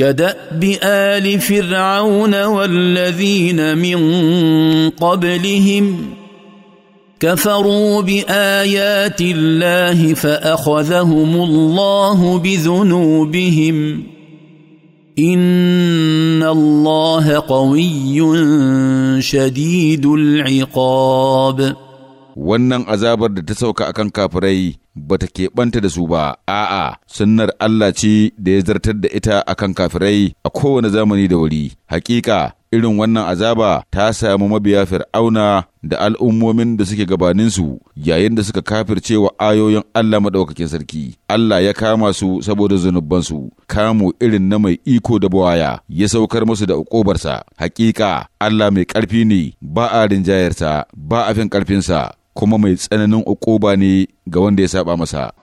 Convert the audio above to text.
كداب ال فرعون والذين من قبلهم كفروا بايات الله فاخذهم الله بذنوبهم ان الله قوي شديد العقاب wannan azabar da ta sauka akan kafirai ba ta keɓanta da su ba, a'a, sunnar Allah ce da ya zartar da ita a kan kafirai a kowane zamani da wuri. Hakika, irin wannan azaba ta samu mabiya fir'auna da al'ummomin da suke gabaninsu yayin da suka kafirce wa ayoyin Allah maɗaukakin sarki. Allah ya kama su saboda zunubansu, kamo irin na mai iko da buwaya ya saukar musu da uƙobarsa. Hakika, Allah mai ƙarfi ne, ba a rinjayarsa, ba a fin ƙarfinsa. kuma mai tsananin uquba ne ga wanda ya saba masa